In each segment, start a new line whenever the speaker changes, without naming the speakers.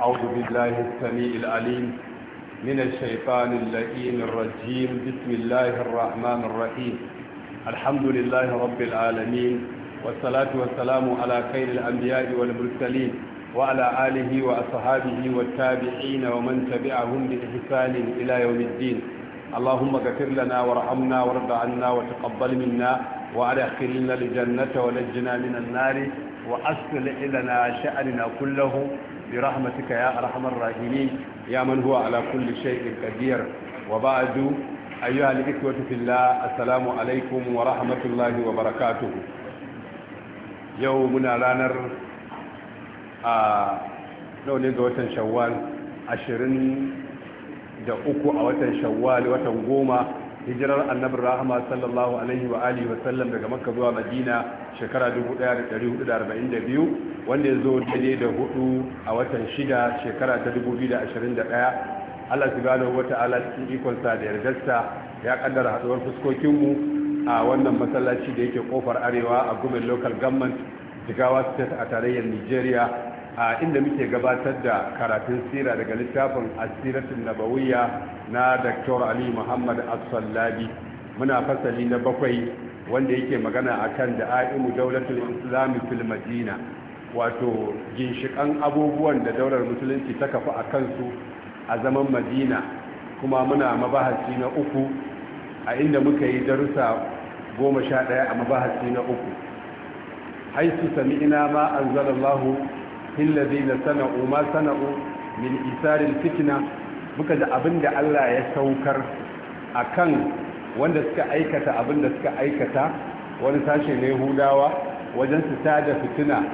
أعوذ بالله
السميع العليم من الشيطان اللئيم الرجيم بسم الله الرحمن الرحيم الحمد لله رب العالمين والصلاة والسلام على خير الأنبياء والمرسلين وعلى آله وأصحابه والتابعين ومن تبعهم بإحسان إلى يوم الدين اللهم اغفر لنا وارحمنا وارض عنا وتقبل منا وأدخلنا الجنة ونجنا من النار وأصلح لنا شأننا كله برحمتك يا أرحم الراحمين يا من هو على كل شيء قدير وبعد أيها الإخوة في الله السلام عليكم ورحمة الله وبركاته يومنا لانر لو نيجا وتن شوال عشرين da uku a watan shawwal watan goma hijirar annabin rahama sallallahu alaihi wa alihi wa sallam daga makka zuwa madina shekara 1442 wanda ya zo daidai da hudu a watan shida shekara ta 2021 allah subhanahu wa ta'ala cikin ikonsa da yardarsa ya kaddara haduwar fuskokinmu a wannan masallaci da yake kofar arewa a gumin local government jigawa state a tarayyar nigeria a inda muke gabatar da karatun sira daga littafin asiratun nabawiyya na Dr. Ali Muhammad Asallabi, muna fasali na bakwai wanda yake magana akan a'imu daular islami fil madina wato ginshikan abubuwan da daular musulunci ta kafa a kansu a zaman madina kuma muna mabahasi na uku a inda muka yi darussa goma sha ɗaya a mabahasi na uku haisu sami ina ma anzalallahu lillazina sana'u ma sana'u min isarin fitna muka ji abinda Allah ya saukar akan wanda suka aikata abinda suka aikata wani sashe na hulawa wajen su tada fitina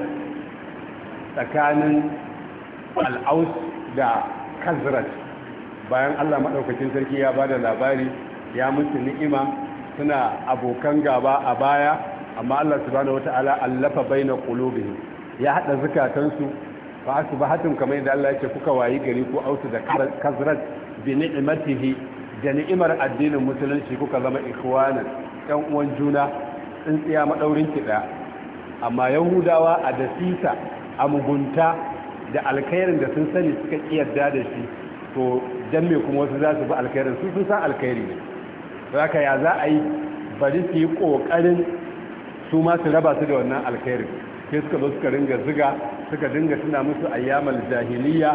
tsakanin al'aus da kazrat bayan Allah maɗaukacin sarki ya ba da labari ya musu ni'ima suna abokan gaba a baya amma Allah subhanahu wata'ala allafa baina qulubihim ya hada zukatansu ba asbahatum kamar yadda Allah yake kuka wayi gari ko autu da kazrat bi ni'matihi da ni'imar addinin musulunci kuka zama ikhwana ɗan uwan juna tsiya madaurin ki da amma yahudawa a dasisa a mugunta da alkhairin da sun sani suka kiyarda da shi to dan me kuma wasu za su bi alkhairin su sun san alkhairi ne haka ya za a yi bari su yi kokarin su ma su raba su da wannan alkhairin sai suka zo suka ringa ziga suka dinga tuna musu ayyamal jahiliya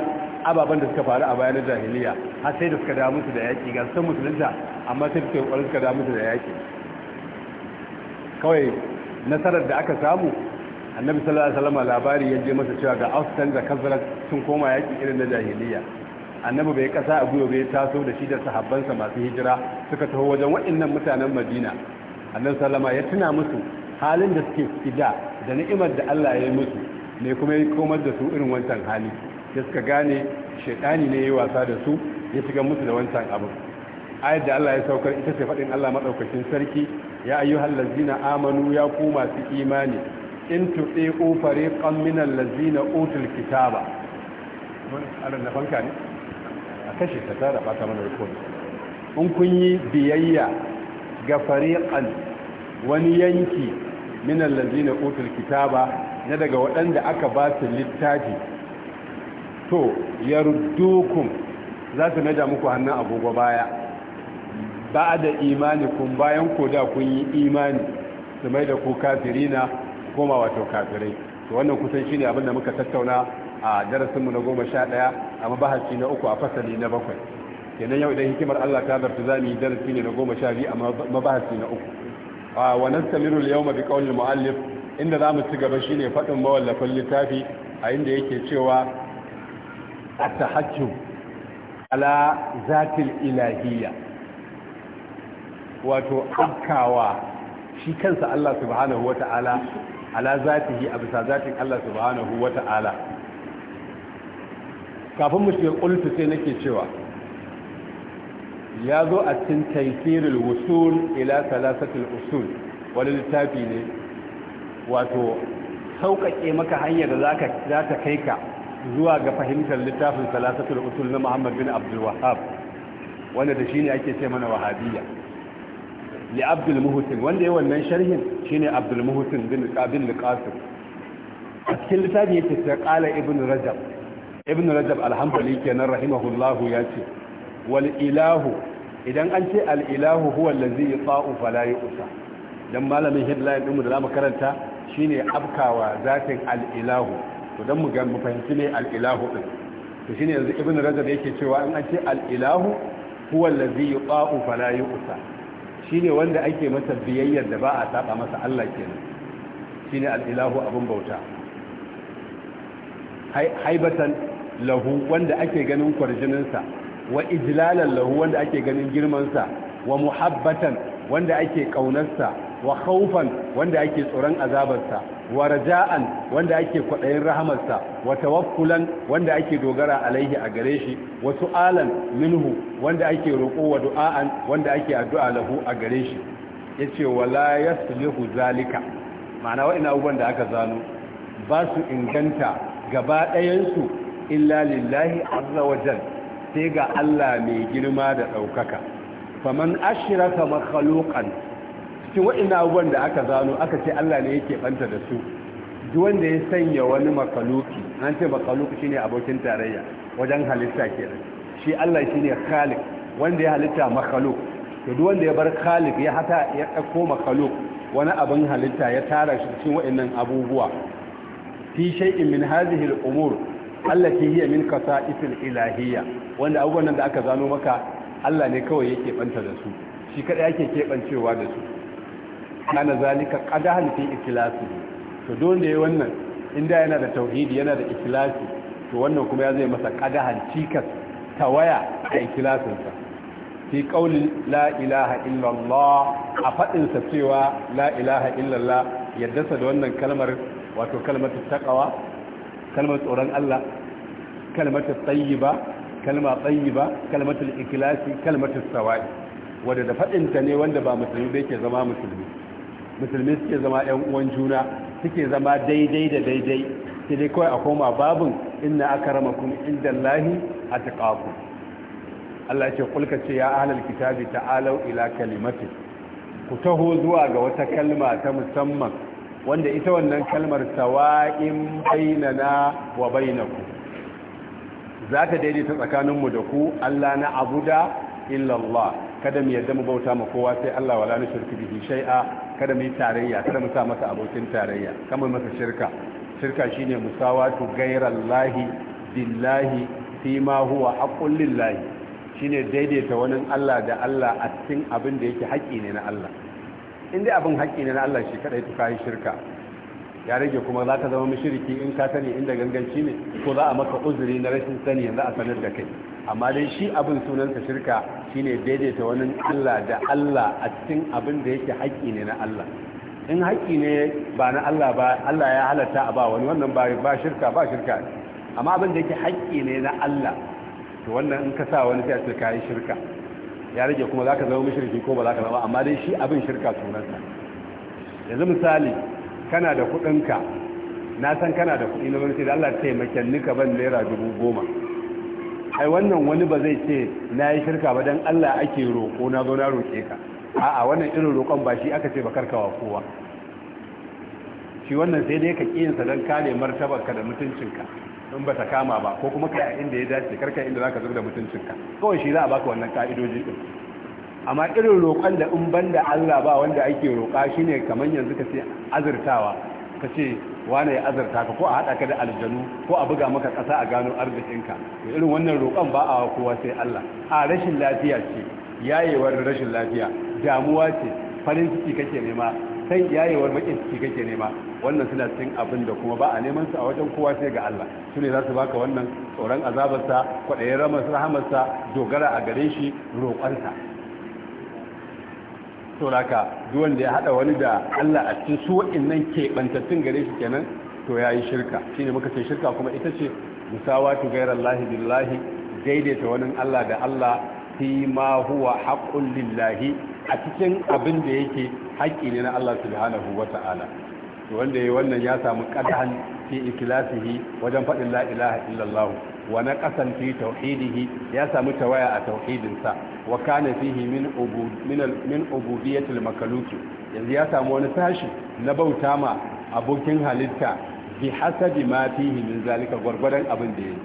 ababen da suka faru a bayan jahiliya har sai da suka da musu da yaƙi ga san musulunta amma sai suka yi suka da musu da yaƙi kawai nasarar da aka samu annabi sallallahu alaihi wasallam labari ya je masa cewa ga austan da kazarat sun koma yaƙi irin na jahiliya annabi bai kasa a guyo bai taso da shi da sahabbansa masu hijira suka taho wajen waɗannan mutanen madina annabi sallama ya tuna musu halin da suke fida da ni'imar da Allah ya yi musu ne kuma ya komar da su irin wancan hali da suka gane shaidani ne ya wasa da su ya shiga musu da wancan abu ayat da Allah ya saukar ita ce faɗin Allah maɗaukacin sarki ya ayyuhal lazina amanu ya ku masu imani in tuɗe tuɗiƙu fariƙan minan lazina otul kitaba na fanka ne a kashe ta tara ba ta mana rikon in kun yi biyayya ga fariƙan wani yanki min allazina utul kitaba na daga waɗanda aka ba su littafi to yardukum za su naja muku hannun agogo baya ba da imanikum bayan ko da kun yi imani su mai da ku kafirina wato kafirai to wannan kusan shine abin da muka tattauna a darasinmu na goma sha ɗaya a mabahasi na uku a fasali na bakwai kenan yau idan hikimar Allah ta zarta za mu yi darasi ne na goma sha biyu a mabahasi na uku wa nastamiru al-yawma bi qawli muallif inda zamu ci gaba shine fadin mawallafin littafi a inda yake cewa at-tahajjum ala zatil ilahiyya wato abkawa shi kansa Allah subhanahu wata'ala ala zatihi a bisa zatin Allah subhanahu wata'ala kafin mu shiga kultu sai nake cewa ya zo a cikin taifirul wusul ila salasatul usul wani littafi ne wato sauƙaƙe maka hanyar da za ta kai ka zuwa ga fahimtar littafin salasatul usul na muhammad bin abdul wahab wanda da shi ne ake ce mana wahabiyya li abdul muhusin wanda ya wannan sharhin shine abdul muhusin bin qabil qasim a cikin littafin yake ta qala ibn rajab ibn rajab al-hanbali kenan rahimahullahu ya ce wal ilahu idan an ce al ilahu huwa allazi yata'u fala yusa dan malamin headline din mu da zamu karanta shine afkawa zatin al ilahu to dan mu ga mu fahimci ne al ilahu din to shine yanzu ibnu rajab yake cewa in an ce al ilahu huwa allazi yata'u fala yusa shine wanda ake masa biyayyar da ba a saba masa Allah kenan shine al ilahu abun bauta haibatan lahu wanda ake ganin kwarjininsa wa ijlalan lahu wanda ake ganin girmansa wa muhabbatan wanda ake kaunarsa wa khawfan wanda ake tsoron azabarsa wa raja'an wanda ake kwaɗayin rahamarsa wa tawakkulan wanda ake dogara alaihi a gare shi wa su'alan minhu wanda ake roko wa du'a'an wanda ake addu'a lahu a gare shi yace wala yaslihu zalika ma'ana wa'ina abubuwan da aka zano ba su inganta gaba ɗayansu illa lillahi azza wa jalla sai ga Allah mai girma da ɗaukaka faman ashiraka makhluqan cikin waɗannan abubuwan da aka zano aka ce Allah ne yake banta da su duk wanda ya sanya wani makhaluki, an ce makhluq shine abokin tarayya wajen halitta ke kenan shi Allah shi ne khaliq wanda ya halitta makhaluk? to duk wanda ya bar khaliq ya hata ya dauko makhaluk wani abin halitta ya tara shi cikin waɗannan abubuwa fi shay'in min hadhihi al-umur allati hiya min qasa'isil ilahiyya wanda abubuwan nan da aka zano maka Allah ne kawai yake banta da su shi kada yake keɓancewa da su kana zalika qadahan fi ikhlasi to don da yayi wannan inda yana da tauhidi yana da ikilasi, to wannan kuma ya zai masa qadahan ta waya a ikilasinsa. fi ƙaunin la ilaha illa a fadin sa cewa la ilaha illa Allah yaddasa da wannan kalmar wato kalmatu taqwa kalmar tsoron Allah kalmatu ba. kalma tsayiba kalmatul ikhlasi kalmatul sawa'i wanda da fadin ne wanda ba musulmi ba ke zama musulmi musulmi suke zama ƴan uwan juna suke zama daidai da daidai sai dai kawai a koma babun inna akramakum indallahi atqakum Allah ce kulka ce ya ahlal kitabi ta'alau ila kalimati ku taho zuwa ga wata kalma ta musamman wanda ita wannan kalmar sawa'in bainana wa bainakum za ta daidaita tsakaninmu da ku Allah na Abu da illallah kada mu yadda mu bauta ma kowa sai Allah wala shirki bihi shai'a, kada mu yi tarayya kada mu sa masa abokin tarayya kama masa shirka shirka shine musawatu ghairallahi billahi fi ma huwa haqqul lillahi shine daidaita wani Allah da Allah a cikin abin da yake haƙƙi ne na Allah in dai abin haƙƙi ne na Allah shi kaɗai to shirka ya rage kuma za ka zama mashiriki in ka sani inda ganganci ne ko za a maka uzuri na rashin sani yanzu a sanar da kai amma dai shi abin sunansa shirka shine daidaita wani Allah da Allah a cikin abin da yake haƙƙi ne na Allah in haƙƙi ne ba na Allah ba Allah ya halatta a ba wani wannan ba ba shirka ba shirka amma abin da yake haƙƙi ne na Allah to wannan in ka sa wani sai a ce kai shirka ya rage kuma za ka zama mushriki ko ba za ka zama amma dai shi abin shirka sunansa yanzu misali kana da kuɗinka na san kana da kuɗi na gwamnati da Allah taimake ni ka ban naira dubu goma ai wannan wani ba zai ce na yi shirka ba don Allah ake roƙo na zo na roƙe ka a'a wannan irin roƙon ba shi aka ce ba karkawa kowa shi wannan sai dai ka sa don kare ka da mutuncinka in ba ta kama ba ko kuma ka inda ya dace karka inda za ka zuba da mutuncinka kawai shi za a baka wannan ka'idoji din amma irin roƙon da in banda Allah ba wanda ake roƙa shine kamar yanzu ka ce azurtawa ka ce wane ya azurta ka ko a haɗa ka da aljanu ko a buga maka ƙasa a gano arzikinka da irin wannan roƙon ba a kowa sai Allah a rashin lafiya ce yayewar rashin lafiya damuwa ce farin ciki kake nema sai yayewar bakin ciki kake nema wannan suna cikin abin da kuma ba a neman su a wajen kowa sai ga Allah su ne za su baka wannan tsoron azabarsa kwaɗayin rahamarsa dogara a gare shi roƙonsa sauraka duk wanda ya hada wani da Allah a cikin su wa'annan keɓantattun gare shi kenan to ya yi shirka ne muka ce shirka kuma ita ce musawatu Allah billahi daidaita wani Allah da Allah fi ma huwa haƙƙun lillahi a cikin abin da yake haƙƙi ne na Allah subhanahu wata'ala to wanda yayi wannan ya samu ƙadahan fi ikhlasihi wajen faɗin la ilaha illallah wa naqasan fi tauhidihi ya samu tawaya a tauhidinsa wakana kana fihi min min makaluki yanzu ya samu wani sashi na bauta ma abokin halitta bi hasabi ma fihi min zalika gwargwadon abin da yake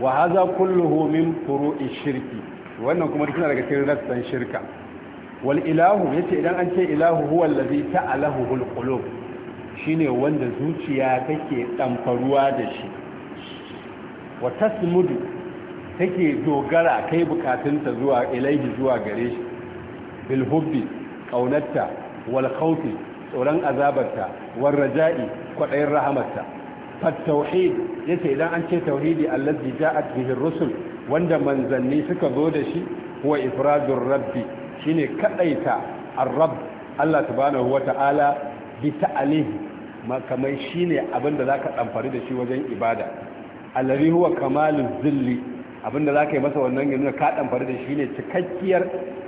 wa hadha kulluhu min furu'i shirki wannan kuma duk daga cikin rassan shirka wal ilahu yace idan an ce ilahu huwa allazi ta'alahu al qulub shine wanda zuciya take damfaruwa da shi wa tasmudu take dogara kai bukatunta zuwa ilaihi zuwa gare shi bil hubbi kaunarta wal khawfi tsoron azabarta wal raja'i kwadayin rahamarta fat tauhid yace idan an ce tauhidi allazi ja'at bihi rusul wanda manzanni suka zo da shi huwa ifradur rabbi shine kadaita ar-rabb Allah subhanahu wata'ala bi ta'alihi makamai shine abinda zaka damfari da shi wajen ibada alladhi huwa kamaluz zilli abinda za ka yi masa wannan yanzu ka ɗanfari da shi ne cikakkiyar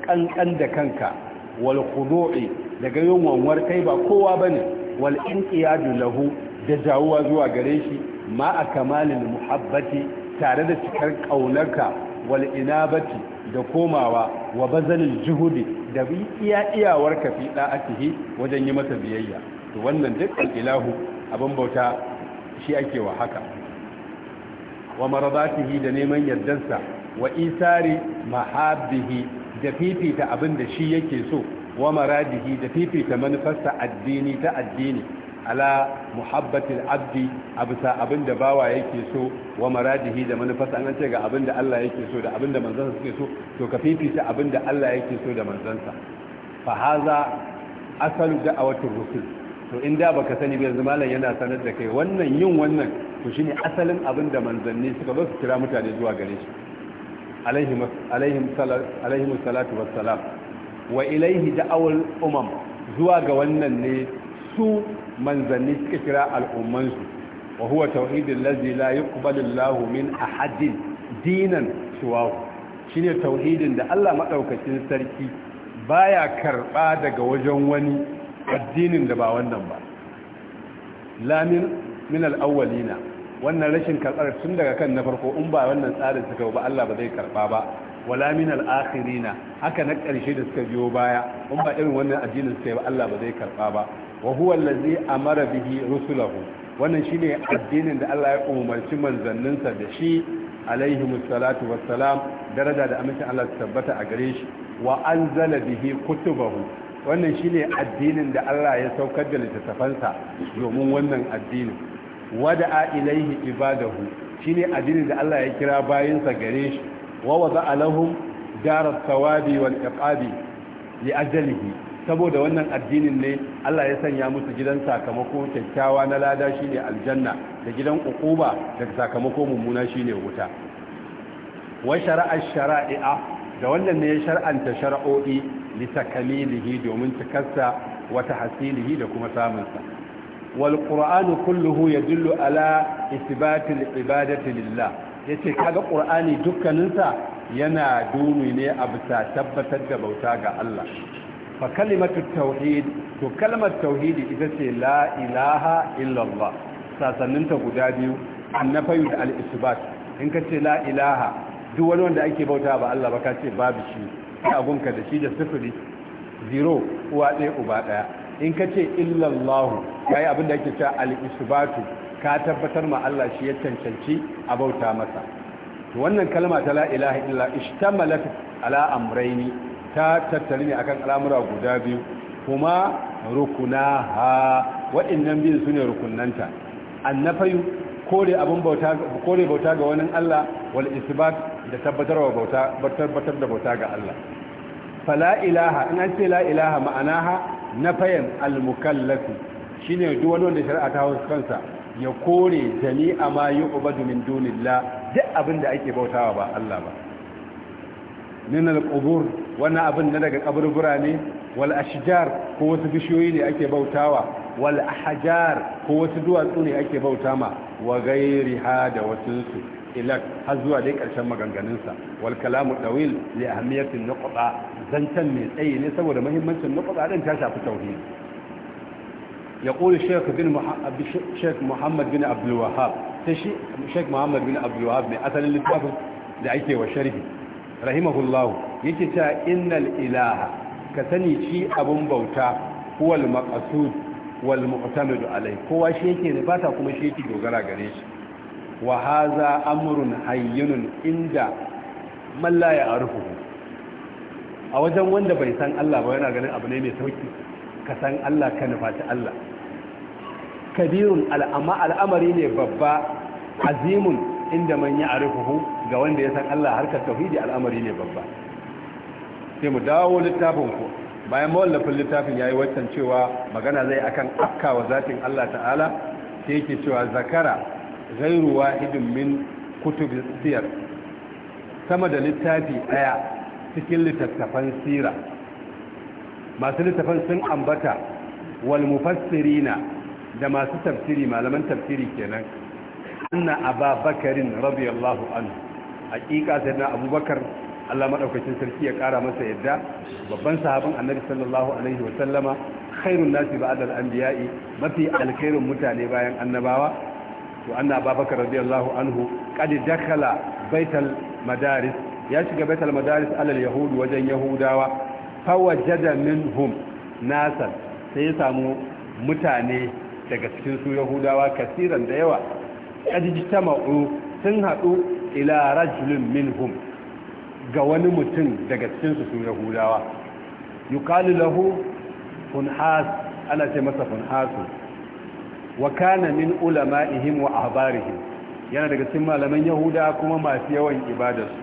ƙanƙan da kanka wal khudu'i daga yin wanwar kai ba kowa ba bane wal inqiyadu lahu da jawuwa zuwa gare shi ma a kamalin muhabbati tare da cikar ƙaunarka wal inabati da komawa wa bazanin juhudi da bi iya iyawar ka fi da'atihi wajen yi masa biyayya to wannan dukkan ilahu abin bauta shi ake wa haka wa maradatihi da neman yardansa wa isari mahabbihi da fifita abin da shi yake so wa maradihi da fifita manufarsa addini ta addini ala muhabbatil abdi abisa abin da bawa yake so wa maradihi da manufarsa an ce ga abin da Allah yake so da abin da manzansa suke so to ka fifita abin da Allah yake so da manzansa fa haza asalu da'awatir rusul to in da baka sani bai yanzu malam yana sanar da kai wannan yin wannan to shine asalin abin da manzanni suka zo su kira mutane zuwa gare shi alaihi salatu wassalam wa ilaihi da'awul umam zuwa ga wannan ne su manzanni suka kira al'ummansu wa huwa tauhidul ladzi la yuqbalu llahu min ahadin dinan siwahu shine tauhidin da Allah madaukakin sarki baya karba daga wajen wani addinin da ba wannan ba lamin min al'awwalina wannan rashin karɓar tun daga kan na farko in ba wannan tsarin suka ba Allah ba zai karɓa ba wala min al'akhirina haka na ƙarshe da suka biyo baya in ba irin wannan addinin suka ba Allah ba zai karɓa ba wa huwa allazi amara bihi rusulahu wannan shine addinin da Allah ya umarci manzanninsa da shi alaihi musallatu wassalam daraja da amincin Allah su tabbata a gare shi wa anzala bihi kutubahu wannan shine addinin da Allah ya saukar da littattafansa domin wannan addinin a ilaihi ibadahu shine addinin da Allah ya kira bayansa gare shi wa wada'a lahum darar thawabi wa ƙaƙabi li ajalihi saboda wannan addinin ne Allah ya sanya musu gidan sakamako kyakkyawa na lada shine aljanna da gidan ukuba da sakamako mummuna shine wuta wa shara'a shara'i'a da wannan ne ya shar'anta shara'o'i. litakamilihi domin cikarsa wata hasilihi da kuma samunsa wal qur'anu kulluhu yadullu ala isbatil ibadati lillah yace kaga qur'ani dukkaninsa yana duni ne a bisa tabbatar da bauta ga Allah fa kalimatu tauhid to kalmar tauhidi ita ce la ilaha illallah sasanninta guda biyu annafayu da al-isbat in ka ce la ilaha duk wani wanda ake bauta ba Allah ba ka ce babu shi abunka da shi da sifiri zero uwa ɗaya uba ɗaya in ka ce illallahu ya yi abin da ake cewa al'isubatu ka tabbatar ma Allah shi ya cancanci a bauta masa wannan kalma ta la ilaha illa ishtamalat ala amraini ta tattali ne akan al'amura guda biyu kuma rukunaha waɗannan biyu sune rukunnanta annafayu kore abin bauta kore bauta ga wani Allah wal da tabbatarwa tabbatar da bauta ga Allah fala ilaha in an ce la ilaha ma'anaha na al-mukallafi shine duk wani wanda shari'a ta hausa kansa ya kore a ma ubadu min dunilla duk abin da ake bautawa ba Allah ba min al-qubur wani abin na daga kaburbura ne wal ashjar ko wasu bishiyoyi ne ake bautawa wal ahjar ko wasu duwatsu ne ake bauta ma wa ghairiha da wasu ilak har zuwa dai karshen maganganunsa wal kalamu dawil li ahmiyatin nuqta zantan mai tsayi ne saboda muhimmancin nuqta din ta shafi tauhid ya الشيخ بن الشيخ محمد بن عبد الوهاب الشيخ محمد بن عبد الوهاب من اثر الكتاب دعيته وشرحه yake ta innal ilaha ka sani shi abun bauta huwal maqsud wal alai kowa shi yake ne ba kuma shi yake dogara gare shi wa haza amrun hayyinun inda man la ya'rifu a wajen wanda bai san Allah ba yana ganin abu ne mai sauki ka san Allah ka nufaci Allah kabirun al'amma al'amari ne babba azimun inda man ya'rifu ga wanda ya san Allah harkar tauhidi al'amari ne babba sai mu dawo littafin ku bayan mawallafin littafin yayi yi waccan cewa magana zai akan wa zatin Allah ta'ala sai yake cewa zakara Zairuwa wahidin min kutubin siyar sama da littafi daya cikin littattafan sira masu littattafan sun ambata wal mufassirina da masu tafsiri malaman tafsiri kenan anna ababakarin radiyallahu anhu hakika na abubakar Allah madaukakin sarki ya kara masa yadda babban sahabin annabi sallallahu alaihi wa sallama khairun nasi ba'da al-anbiya'i mafi alkhairun mutane bayan annabawa to anna abubakar radiyallahu anhu qad dakala baital madaris ya shiga baital madaris alal yahudu wajen yahudawa fawajada minhum nasan sai ya samu mutane daga cikin su yahudawa kasiran da yawa qad jama'u sun hadu ila rajulin minhum ga wani mutum daga cikin su su yahudawa yuqalu lahu funhas ana ce masa funhasu wa kana min ulama'ihim wa ahbarihim yana daga cikin malaman yahuda kuma masu yawan ibadarsu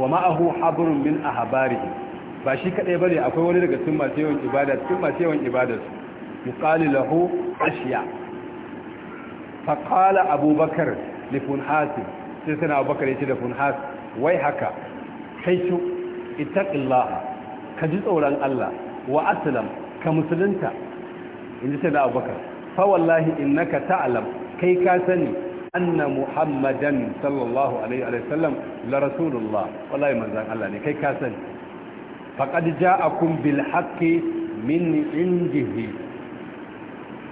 wa ma'ahu habrun min ahbarihim ba shi kadai bane akwai wani daga cikin masu yawan ibada cikin masu yawan ibadarsu yuqalu lahu ashiya fa qala abubakar li funhasi sai sana abubakar yace da funhas wai haka kai su ittaqillaha ka ji tsoron Allah wa aslam ka musulunta inji sai da abubakar fa wallahi innaka ta'lam kai ka sani anna muhammadan sallallahu alaihi wa sallam la rasulullah wallahi manzan Allah ne kai ka sani faqad ja'akum bil haqqi min indihi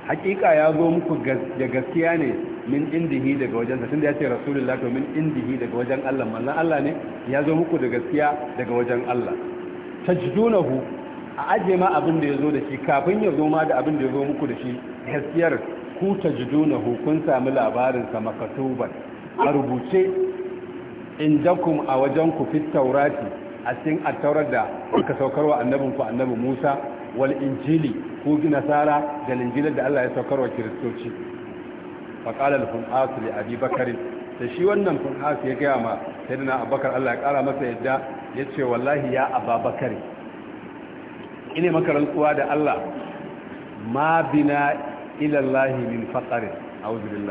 hakika ya zo muku da gaskiya ne min indihi daga wajensa tunda yace ce rasulullah to min indihi daga wajen Allah manzan Allah ne ya zo muku da gaskiya daga wajen Allah tajdunahu a aje ma abin da ya zo da shi kafin ya zo ma da abin da ya zo muku da shi gaskiyar ku ta na kun sami labarin sa makatuban a rubuce in jakum a wajen ku fit taurati a cikin attaurar da aka wa annabin ku annabi Musa wal injili ko nasara da linjilar da Allah ya saukarwa kiristoci faqala al-funas abi bakr da shi wannan funas ya gaya ma sai na abubakar Allah ya kara masa yadda ya ce wallahi ya ababakar ine maka rantsuwa da Allah ma bina ilallahi min faqarin a'udhu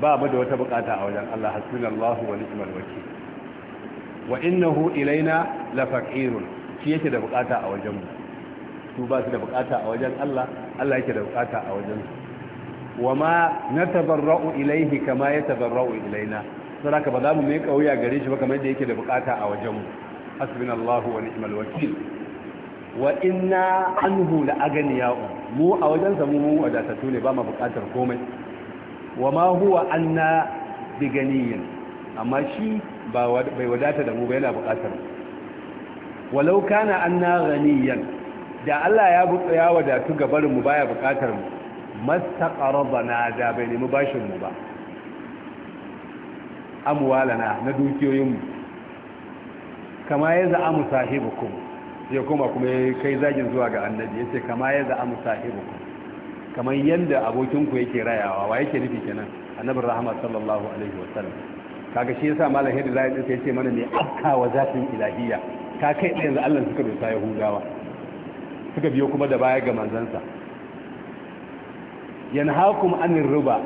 ba mu da wata bukata a wajen Allah hasbunallahu wa ni'mal wakeel wa innahu ilaina lafaqirun shi yake da bukata a wajen mu su ba su da bukata a wajen Allah Allah yake da bukata a wajen su wa ma natabarra'u ilaihi kama yatabarra'u ilaina saboda ba za mu mai kauya gare shi ba kamar da yake da bukata a wajen mu hasbunallahu wa ni'mal wakeel wa an hula la aganiya'u mu a wajen mu ne ba ma bukatar komai wa ma huwa anna biganiyin amma shi bai wadata da mu ba yana bukatar walau kana anna ganiyan da Allah ya ya wadatu ga barin mu baya bukatar mu na da bai nemi bashin mu ba amuwalana na dukiyoyin mu kama yanzu amu sahibukum ya koma kuma ya kai zagin zuwa ga annabi ya ce kama ya musa musahibu kamar yadda abokinku yake rayawa wa yake nufi kenan annabin rahama sallallahu alaihi wasallam kaga shi yasa malam hadi zai ya ce mana ne afka wa zatin ilahiyya ta kai ɗaya yanzu Allah suka dosa hungawa suka biyo kuma da baya ga manzansa yanhaakum anir riba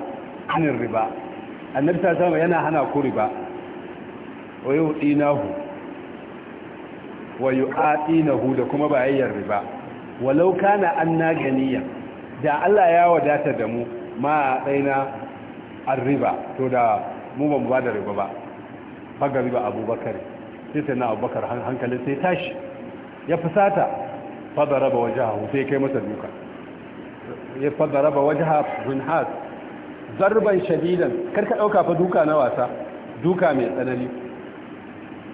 anir riba annabi ta sama yana hana ku riba wa dinahu wa yu'atinahu da kuma bayayyar riba walau kana anna ganiya da Allah ya wadata da mu ma a tsaina riba to da mu ban ba da riba ba faga riba abubakar sai sai na abubakar hankalin sai tashi ya fusata fada raba wajahu sai kai masa duka ya fada raba sun hunhas zarban shadidan karka ɗauka fa duka na wasa duka mai tsanani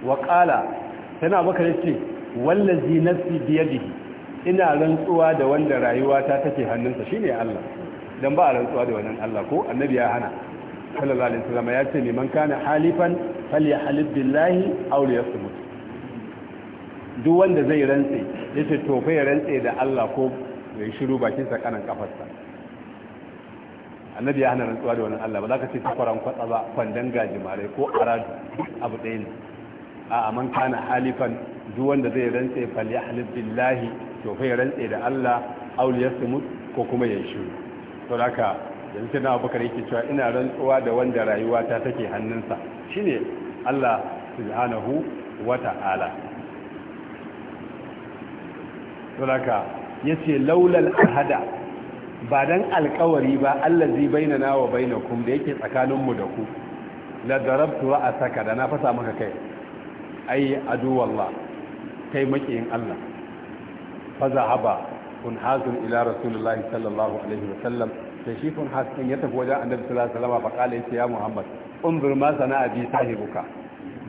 wa qala sana abubakar ya ce wallazi nafsi biyadihi ina rantsuwa da wanda rayuwata take hannunsa shine Allah dan ba a rantsuwa da wannan Allah ko annabi ya hana sallallahu alaihi wasallam ya ce liman kana halifan falyahlib billahi aw liyasmut duk wanda zai rantse yace to fa ya rantse da Allah ko ya shiru bakin sa kanan kafarsa annabi ya hana rantsuwa da wannan Allah ba za ka ce takwaran kwatsa ba kwandan gajimare ko aradu abu ɗaya ne a man kana halifan duk wanda zai rantse falyahlif billahi to fa ya rantse da Allah aw yasmut ko kuma ya shiru to haka yanzu sai na Abubakar yake cewa ina rantsuwa da wanda ta take hannunsa shine Allah subhanahu wa ta'ala to haka yace laulal ahada ba dan alkawari ba allazi bainana wa bainakum da yake tsakaninmu da ku la darabtu ra'asaka da na fasa maka kai ai aduwallah kai makiyin Allah fa kun kunhazun ila rasulullahi sallallahu alaihi wa sallam sai shi kun din ya tafi wajen annabi sallallahu alaihi wa sallam fa yace ya muhammad unzur ma sana'a bi sahibuka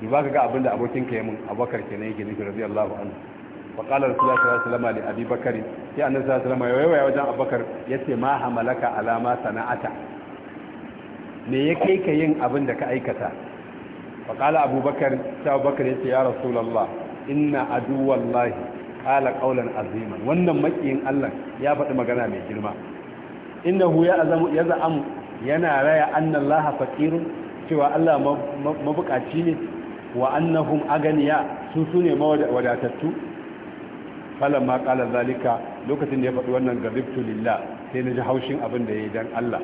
duba ga abinda abokin ka mun. Abubakar kenan yake nufi radiyallahu anhu fa qala sallallahu alaihi wa sallam li abi bakari sai annabi sallallahu alaihi wa sallam yayi wajen Abubakar. yace ma hamalaka ala ma sana'ata me ya kai ka yin abin da ka aikata فقال أبو بكر أبو بكر يا رسول الله إن عدو الله wannan makiyin Allah ya faɗi magana mai girma innahu ya azamu yaz'am yana raya anna Allah faqirun cewa Allah mabukaci ne wa annahum aganiya su sune wadatattu falamma qala zalika lokacin da ya faɗi wannan garibtu lillah sai na ji haushin abin da ya yi dan Allah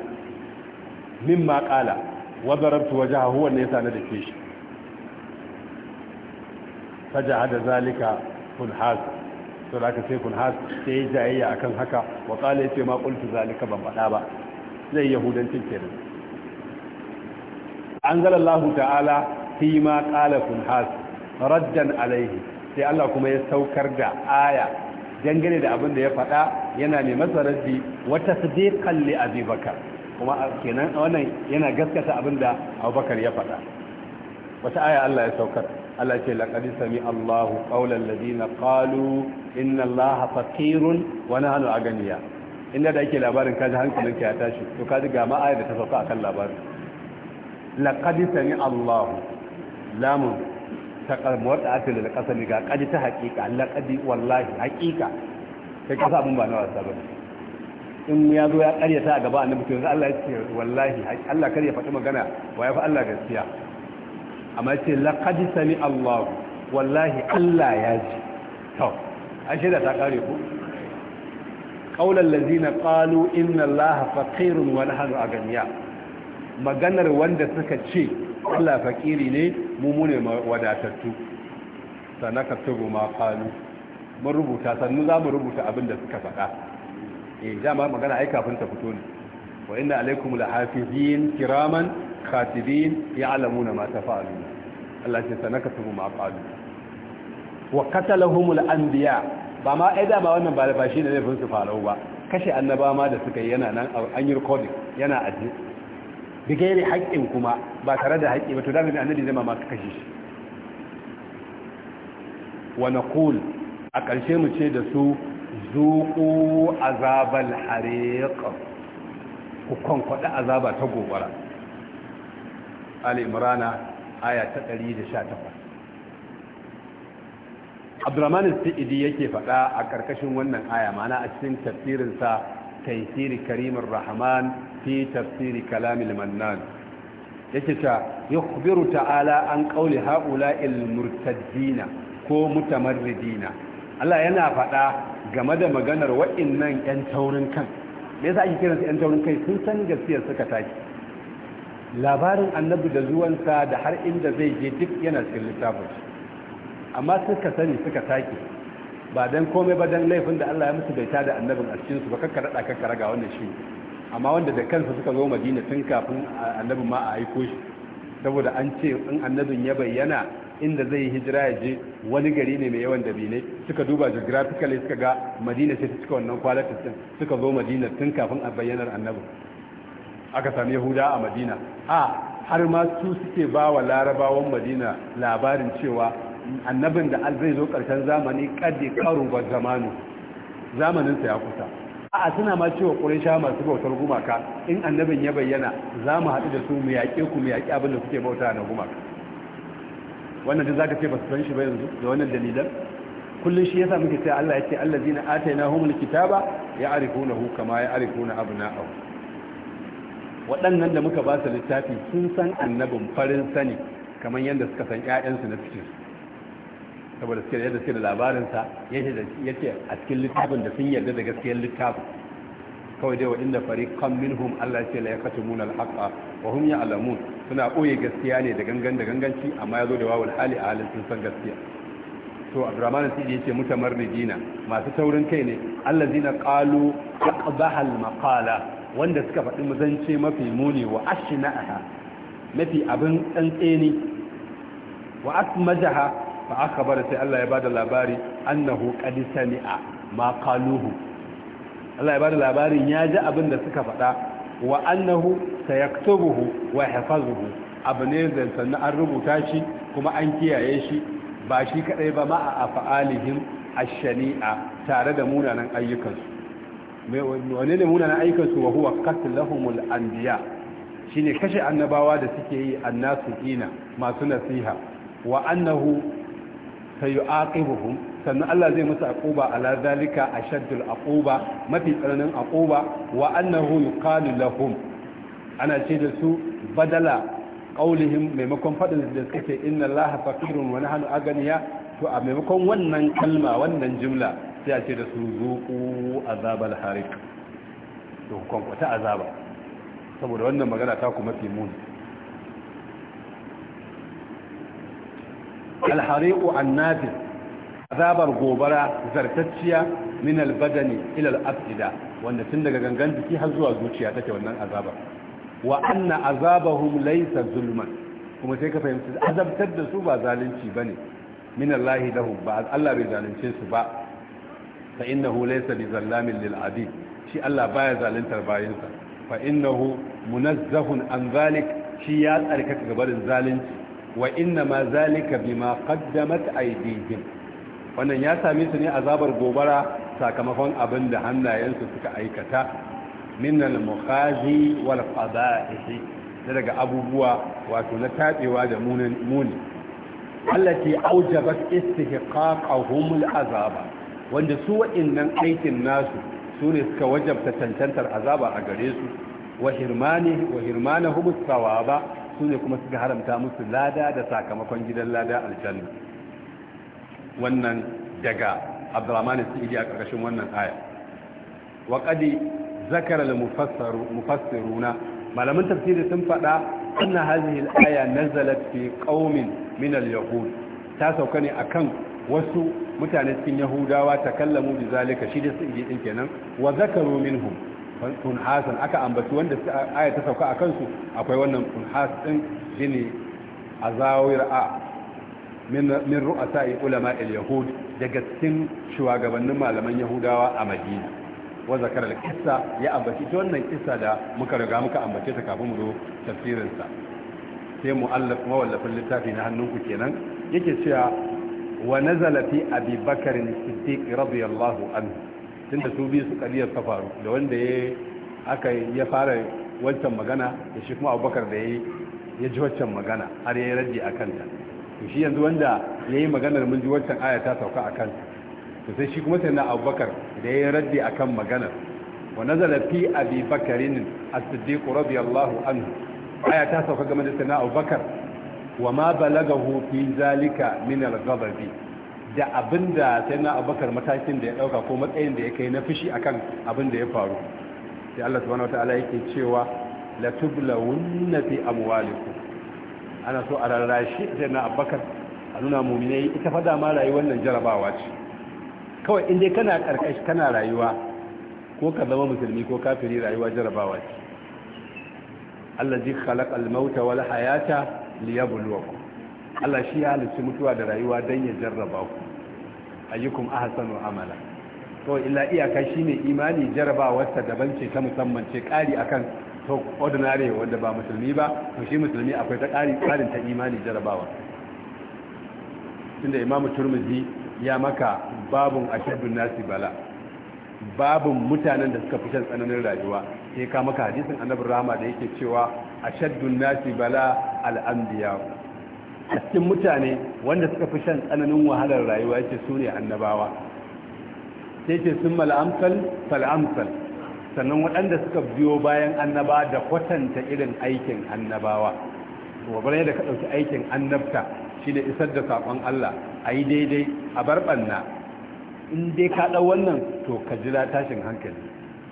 mimma qala wa darabtu wajhahu wannan yasa na dake shi faja da zalika kunhas to da aka sai kunhas sai ya jayayya akan haka wa ya ma kultu zalika ban faɗa ba zai yahudancin kenan an zalallahu ta'ala fi ma kala kunhas raddan alaihi sai Allah kuma ya saukar da aya dangane da abin da ya faɗa yana mai masa raddi wata sadiqan li abubakar kuma kenan wannan yana gaskata abin da abubakar ya faɗa wata aya Allah ya saukar Allah ce laqad sami Allahu qawlan ladina qalu inna Allaha faqirun wa nahnu aganiya inda da yake labarin kaji hankalin ka ya tashi to kaji ga ma'ayar da ta sauka akan labarin laqad sami Allahu lamun takar muwadda atil da kasani ga kaji ta haqiqa laqadi wallahi haqiqa sai ƙasa abun ba na wasa ba in ya zo ya karyata a gaba annabi to Allah ya ce wallahi Allah kar ya faɗi magana wa ya fa Allah gaskiya amma ce laqad sami Allah wallahi Allah ya ji to ashe da ta ƙare ku qaulal ladina qalu inna Allah wani hannu a ganiya. maganar wanda suka ce Allah faƙiri ne mu mu ne wadatattu sanaka tubu ma ƙalu. mun rubuta sannu za mu rubuta abin da suka faɗa eh dama magana ai kafin ta fito ne wa inna alaikum lahafizin kiraman katibin ya alamuna ma tafa'alun Allah ce sanakatubu ma qalu wa qatalahumul anbiya ba ma ai da ba wannan ba ba shine laifin su farau ba kashe annaba ma da suka yi yana nan an yi recording yana aje bigairi haƙƙin kuma ba tare da haƙƙi ba to da annabi zai ma maka kashe shi wa naqul a ƙarshe mu ce da su zuqu azabal hariq ku konkwada azaba ta gobara al'imrana aya ta 118 abdurrahman sa'idi yake faɗa a ƙarƙashin wannan aya mana a cikin tafsirinsa taisiri karimin rahman fi tafsiri kalamil mannan yake ta ta'ala an kaule ha'ula'il ilmurtaddina ko mutamarridina Allah yana faɗa game da maganar waɗannan 'yan taurin kan me yasa ake kiransu 'yan taurin kai sun san gaskiyar suka tashi labarin annabi da zuwansa da har inda zai je duk yana cikin littafin amma suka sani suka take ba dan komai ba dan laifin da Allah ya musu bai tada annabin a cikin su ba kakkara da kakkara raga wannan shi amma wanda da kansa suka zo Madina tun kafin annabi ma a aiko shi saboda an ce in annabin ya bayyana inda zai hijira ya je wani gari ne mai yawan dabine suka duba geographically suka ga Madina sai ta cika wannan kwalatin suka zo Madina tun kafin a bayyana annabin aka sami yahuda a madina a har ma su suke ba wa larabawan madina labarin cewa annabin da zai zo karshen zamani kaddi karu ba zamanu zamaninsa ya kusa a suna ma cewa ƙurisha masu bautar gumaka in annabin ya bayyana za mu haɗu da su mu yaƙe ku mu yaƙe abin da kuke bauta na gumaka wannan duk zaka ce ba su san shi ba yanzu da wannan dalilan kullum shi yasa muke cewa Allah ya ce allazina atainahumul kitaba ya'rifunahu kama ya'rifuna abna'ahum waɗannan da muka ba su littafi sun san annabin farin sani kamar yadda suka san 'ya'yansu na cikin saboda suke da yadda suke da labarinsa yake a cikin littafin da sun yarda da gaskiyar littafin kawai dai waɗanda fariqan minhum Allah ce la yakatumuna al-haqa wa hum ya'lamun suna ɓoye gaskiya ne da gangan da ganganci amma ya zo da wawul hali a halin sun san gaskiya to Abdurrahman Sidi yace mutamarridina masu taurin kai ne allazina qalu aqbaha al maƙala. wanda suka faɗi muzance mafi muni wa na'aha mafi abin tsantseni wa ba fa akhbara sai Allah ya ba da labari annahu qad sami'a ma qaluhu Allah ya ba da labarin ya ji abin da suka faɗa wa annahu sayaktubuhu wa yahfazuhu abu ne zansan an rubuta shi kuma an kiyaye shi ba shi kadai ba ma a fa'alihin ash-shani'a tare da munanan ayyukansu wane ne muna na aikansu wa huwa qatlahumul Shi shine kashe annabawa da suke yi annasu ina masu nasiha wa annahu sayu'aqibuhum sannan Allah zai musu a ala a shaddul aquba mafi tsananin aquba wa annahu yuqalu lahum ana ce da su badala qaulihim maimakon faɗin da suke inna allaha faqirun wani hannu aganiya? to a maimakon wannan kalma wannan jumla sai a ce da su zuku azabal harik to kwankwata azaba saboda wannan magana ta kuma fi muni alhariku annabi azabar gobara zartacciya min albadani ilal al wanda tun daga gangan jiki har zuwa zuciya take wannan azabar wa anna azabahum laysa zulman kuma sai ka fahimci azabtar da su ba zalunci bane min Allah dahu ba Allah bai zalunce su ba fa innahu laysa bizallamin lil abid shi Allah baya zaluntar bayinsa fa innahu munazzahun an zalik shi ya tsarkaka gabarin zalunci wa inna ma zalika bima qaddamat aydihim wannan ya same su ne azabar gobara sakamakon abin da hannayensu suka aikata min al-mukhazi wal qada'ihi daga abubuwa wato na tabewa da munin muni allati aujabat istihqaqahum al-azaba wanda su waɗannan aikin nasu su ne suka wajabta cancantar azaba a gare su wa hirmani wa hirmana su ne kuma suka haramta musu lada da sakamakon gidan lada aljanna wannan daga abdurrahman sa'idi a ƙarƙashin wannan aya wa qadi al mufassiruna malaman tafsiri sun faɗa anna hadhihi al aya nazalat fi qaumin min al yahud ta sauka ne akan wasu mutane cikin yahudawa ta kallamu bi zalika shi da su din kenan wa zakaru minhum tun hasan aka ambaci wanda aya ta sauka a kansu akwai wannan tun hasan din azawir a min ru'asa ulama al-yahud daga cikin shugabannin malaman yahudawa a madina wa zakara al-qissa ya ambaci ta wannan qissa da muka riga muka ambace ta kafin mu zo tafsirin sa sai mu'allaf mawallafin littafi na hannunku kenan yake cewa wa nazala fi abi bakar siddiq radiyallahu anhu tunda su biyu su kadiyar ta faru da wanda ya aka ya fara wancan magana da shi kuma abubakar da ya ya ji wancan magana har ya yi raji a kanta to shi yanzu wanda ya yi maganar mun ji wancan aya ta sauka a kanta to sai shi kuma sai na abubakar da ya yi raji a kan maganar wa nazala fi abi bakarin as-siddiq radiyallahu anhu aya ta sauka game da sayyidina abubakar wa ma balaga fi zalika min da abin da sai na abakar matakin da ya dauka ko matsayin da ya kai na fushi akan abin da ya faru sai Allah subhanahu wataala yake cewa la tublawunna fi amwalikum ana so a rarrashi sai na abakar a nuna mu'minai ita fada ma rayuwar nan jarabawa ce kawai inda kana karkashi kana rayuwa ko ka zama musulmi ko kafiri rayuwa jarabawa ce Allah ji khalaqa al-mauta wal hayata liyabluwakum Allah shi ya halitta mutuwa da rayuwa dan ya jarraba ku ayyukum ahsanu amala to illa iyaka shine imani jarrabawar ta daban ce ta musamman ce kari akan to ordinary wanda ba musulmi ba to shi musulmi akwai ta kari karin ta imani jarrabawa tunda imamu turmizi ya maka babun ashaddun nasi bala babun mutanen da suka fi shan tsananin rayuwa sai ka maka hadisin annabi rahama da yake cewa ashadun nasi bala al'ambiya a cikin mutane wanda suka fi shan tsananin wahalar rayuwa yake su ne annabawa sai ke sun mal'amsal fal'amsal sannan waɗanda suka biyo bayan annaba da kwatanta irin aikin annabawa wabar yadda ka ɗauki aikin annabta shi da isar da saƙon Allah a yi daidai a barɓanna in dai ka ɗau wannan to ka jira tashin hankali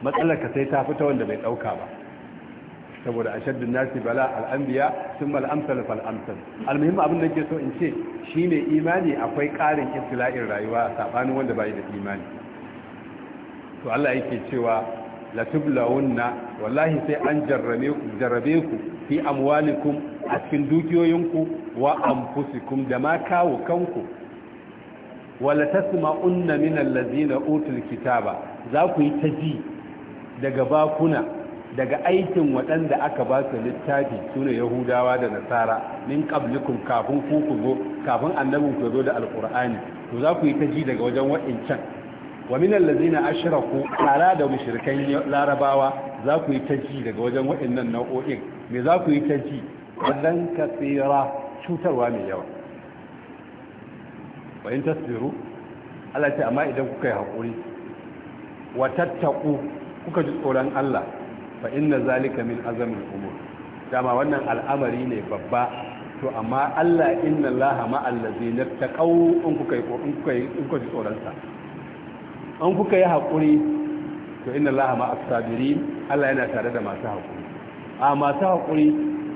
matsalar ka sai ta fita wanda bai ɗauka ba saboda shaddun nasi bala al'ambiya sun bal'amsa al-amsal abin da ke so in ce shi ne imani akwai ƙarin ibtila'in rayuwa sabanin wanda bai da imani to Allah yake cewa latublawunna wallahi sai an jarrabe ku jarrabe ku fi amwalikum a cikin dukiyoyinku wa anfusikum da ma kawo kanku wala tasma'unna min lazina utul kitaba za ku yi taji daga bakuna daga aikin waɗanda aka ba su littafi sune yahudawa da nasara min qablikum kafin ku ku zo kafin annabin ku zo da alqur'ani to za ku yi ta ji daga wajen waɗancan wa min allazina ashraku tara da mushrikan larabawa za ku yi ta ji daga wajen waɗannan nau'o'in me za ku yi ta ji wannan kafira cutarwa mai yawa wa in tasbiru Allah ce amma idan kuka yi haƙuri wa tattaku kuka ji tsoron Allah fa inna zalika min azamil umur dama wannan al'amari ne babba to amma Allah inna Allah ma'al ladina taqaw in kuka yi in kuka yi in kuka tsoron sa an kuka yi hakuri to inna Allah ma'as sabirin Allah yana tare da masu hakuri a masu hakuri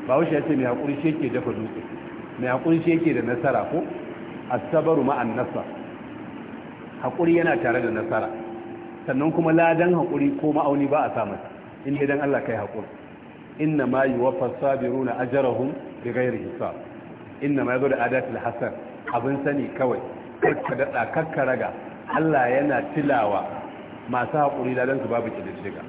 ba wuce yace mai hakuri shi yake dafa dutse mai hakuri shi yake da nasara ko as-sabaru ma'an nasar hakuri yana tare da nasara sannan kuma ladan hakuri ko ma'auni ba a sa in dai dan Allah kai hakuri inna ma yuwaffa sabiruna ajrahum bighairi hisab inna ma da adatul hasan abin sani kawai karka dada karka raga Allah yana tilawa masu hakuri da su babu kididdiga